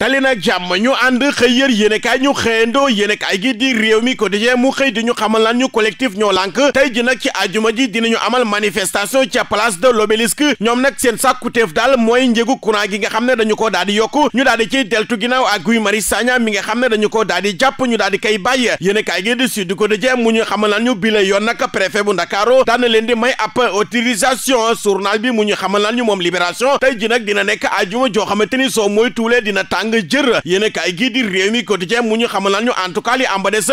tali nag jàmm ñu ànd xëy yër yéenekaay ñu xëyandoo yéenekaay gi di réew mi quotidien mu xëy di ñu xamal lan ñu collectif ñoo lànk tey ji nag ci àjuma ji dinañu amal manifestation ca place de l'obélisque ñoom nag seen sàkkuteef daal mooy njëgu courant gi nga xam ne dañu ko daal di yokk ñu daal di ciy deltu ginnaaw ak Guy Marius Sagna mi nga xam ne dañu ko daal di jàpp ñu daal di kay bàyyi yéenekaay gi di Sud Quotidien mu ñu xamal lan ñu bile yoon nag préfet bu Ndakaaru daan na leen di may ab bi mu ñu xamal lan ñu moom libération tey ji nag dina nekk àjuma joo xamante ni soo mooy tuulee dina tàng tàng jër yéen kaay gii di réew mi quotidien mu ñu xamal naan ñu en tout cas li ambades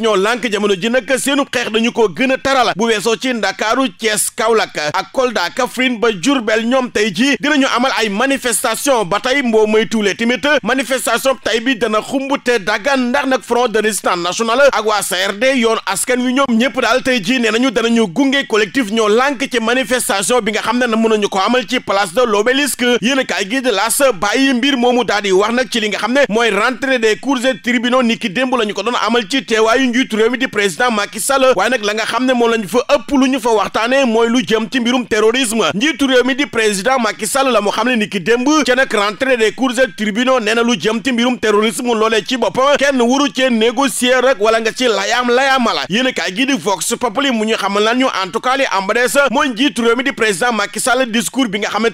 ñoo lànk jamono ji nag seenu xeex dañu koo gën a taral bu weesoo ci ndakaaru Thiès Kaolack ak Kolda Kaffrine ba Diourbel ñoom tey jii dinañu amal ay manifestation ba tey mboo may tuulee tamit tey bi dana xumbute dagan ndax nag front de résistance nationale ak waa CRD yoon askan wi ñoom ñëpp daal tey jii nee nañu danañu gunge collectif ñoo lànk ci manifestation bi nga xam ne ko amal ci place de l'Obélisque nag ci li nga xam ne mooy rentrée des cours et tribunaux la ñu ko doon amal ci teewaayu njiitu réew mi di président Macky Sall la nga xam ne moom la ñu fa ëpp lu ñu fa waxtaane mooy lu jëm ci mbirum terrorisme njiitu réew mi di président Macky Sall la moo xam ne ni ki démb ca nag rentrée des cours na lu jëm ci mbirum terrorisme loolee ci boppam kenn waru cee négocier rek wala nga ci layaam layaama la yéen a kaay gii di Vox Populi mu ñu xamal nañu en tout cas li am ba des mooy njiitu réew mi di président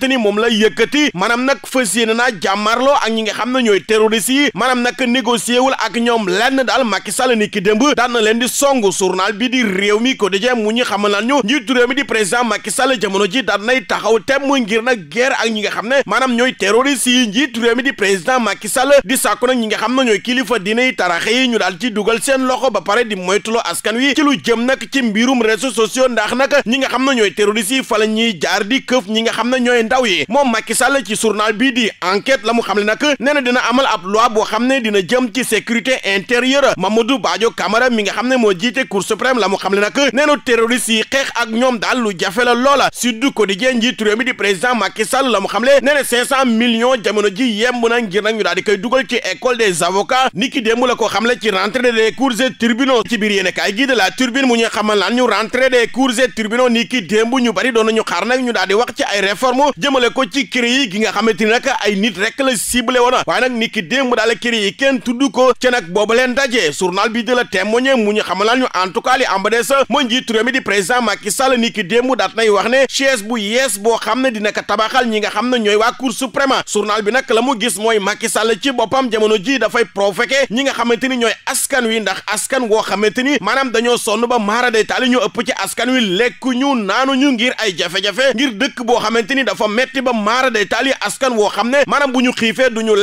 ni moom la yëkkati maanaam nag fas yéene naa ak ñi nga xam xam ne ñooy terroriste yi maanaam nag négocier wul ak ñoom lenn daal Macky Sall ni ki démb daan na leen di song journal bi di réew mi ko dëjee mu ñu xamal naan ñu njiitu réew mi di président Macky Sall jamono ji daan nay taxaw tem ngir nag guerre ak ñi nga xam ne maanaam ñooy terroriste yi njiitu réew mi di président Macky Sall di sàkku nag ñi nga xam ne ñooy kilifa dinay taraxe yi ñu daal ci dugal seen loxo ba pare di moytuloo askan wi ci lu jëm nag ci mbirum réseaux sociaux ndax nag ñi nga xam ne ñooy terroriste yi fa la ñuy jaar di këf ñi nga xam ne ñooy ndaw yi moom Macky Sall ci journal bi di enquête la mu xam le nag nee na dina amal a loi boo xam ne dina jëm ci sécurité intérieure du Badio Camara mi nga xam ne moo jiite Cour suprême la xam le nag nee na terroriste yi xeex ak ñoom daal lu jafe la loola Sud Quotidien njiitu réew mi di président Macky Sall la mu xam le nee na cinq cent millions jamono ji yemb na ngir nag ñu daal di koy dugal ci école des avocats ni ki démb la ko xam le ci rentrée des cours et tribunaux ci biir yéene kaay gi de la turbine mu ñuy ñu rentrée des ñu bari doon nañu xaar nag ñu daal di wax ci ay réforme jëmale ko ci CREI nga xamante ni nag ay nit rek la ciblé woon waaye nag ni ki démb daal këri yi kenn tudd ko ci nag boobu leen dajee journal bi mu ñu xamal ñu en tout cas li am ba des mooy njiitu réew mi di président Macky Sall ni wax ne chaise bu yees boo xam ne dina ka tabaxal ñi nga xam ne ñooy waa Cour suprême journal bi nag la mu gis mooy Macky Sall ci boppam jamono jii dafay provoqué ñi nga xamante ni ñooy askan wi ndax askan woo xamante ni maanaam dañoo sonn ba maara day taali ñu ëpp ci askan wi lekku ñu naanu ñu ngir ay jafe ngir dëkk boo xamante ni dafa metti ba maara day taali askan woo xam ne maanaam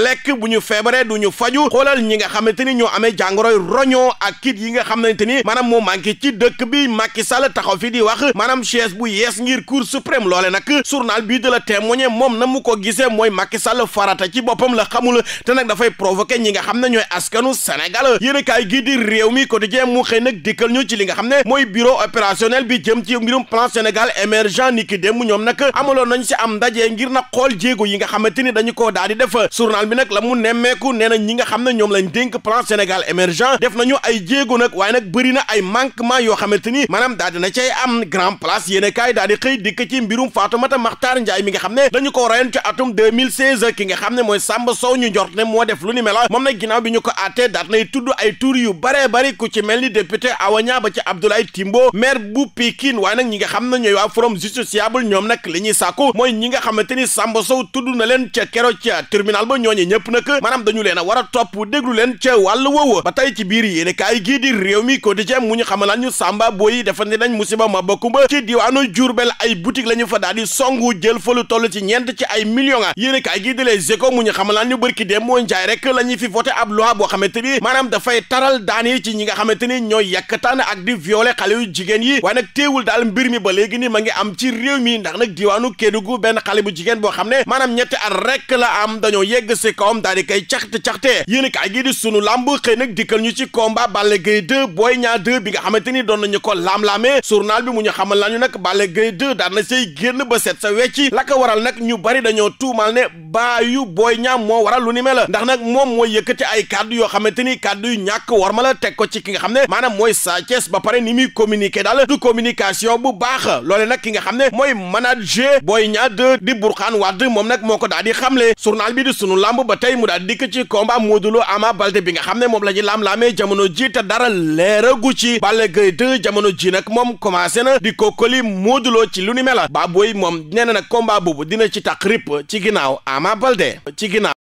lekk bu ñu feebaree du ñu faju xoolal ñi nga xamante ni ñoo amee jàngoroy roñoo ak kit yi nga xamante ni maanaam moo manqué ci dëkk bi Macky Sall taxaw fi di wax maanaam chaise bu yees ngir cour suprême loole nag journal bii de la témoigné moom na mu ko gisee mooy Macky Sall farata ci boppam la xamul te nag dafay provoqué ñi nga xam ne ñooy askanu Sénégal yéen kaay gii di réew mi quotidien mu xëy di dikkal ñu ci li nga xam ne mooy bureau opérationnel bi jëm ci mbirum plan Sénégal émergent niki démb ñoom nag amaloon nañ si am ndaje ngir na xool jéego yi nga xamante ni dañu bi nag la mu nemmeeku nee na ñi nga xam ne ñoom lañ dénk plan Sénégal émergent def nañu ay jéego waaye nag bëri na ay manquement yoo xamante ni maanaam daal dina cay am grand place yéene kaay daal di xëy dikk ci mbirum Fatoumata Makhtar Ndiaye mi nga xam ne dañu ko rayoon ci atum 2016 ki nga xam ne mooy Samba Sow ne moo def lu ni mela moom nag ginnaaw bi ñu ko àttee daat nay tudd ay tur yu baree ku ci mel ni député Awaña ba ñi nga xam ne ñooy waa Forum justiciable ca kero ñëpp nag maanaam dañu leen a war a topp déglu leen ca wàll woowa ba tey ci biir yéene kaay gii di ko mi quotidien mu ñu xamalaan ñu sàmba booy defandi nañ musiba ma bokkumba ci diwaanu Jurbel ay boutique la ñu fa daal di songu jël fa lu toll ci ñeent ci ay millions a ka kaay gii di ko mu ñu xamalaan ñu bërki dee moo njaay rek la ñuy fi voté ab loi boo xamante ni maanaam dafay taral daan ci ñi nga xamante ni ñooy yàkkataan ak di violer xale yu jigéen yi waaye nag daal mbir mi ba léegi ni ma ngi am ci réew mi ndax nag diwaanu Kédougou benn xale bu jigéen boo xam ne maanaam ñetti at rek la am dañoo yegg si kawam daal di koy caxte-caxte yéen a kaay gii sunu làmb xëy nag dikkal ñu ci combat Balla Gaye 2 Boy ñaa 2 bi nga xamante ni doon nañu ko laam-laamee journal bi mu ñu xamal nañu nag Balla Gaye 2 daan na say génn ba set sa wecci la ko waral nag ñu bari dañoo tuumal ne baayu Boy Niang moo waral lu ni mel ndax nag moom mooy yëkkati ay kàddu yoo xamante ni kàddu yu ñàkk war mala la teg ko ci ki nga xam ne maanaam mooy Sa Thiès ba pare ni muy communiqué daal du communication bu baax loole nag ki nga xam ne mooy manager booy Niang 2 di Burkhane Wade moom nag moo ko daal di xamle journal bi di sunu lamb ba tey mu daal di ci combat Modou Lo Ama Baldé bi nga xam ne moom la ñu lam-laamee jamono ji te dara leeragu ci Balla Gaye jamono ji nag moom commencé na di kookali Modou Lo ci lu ni mel ba booy moom nee nag combat boobu dina ci taq rip ci ginnaaw Ama Baldé ci ginnaaw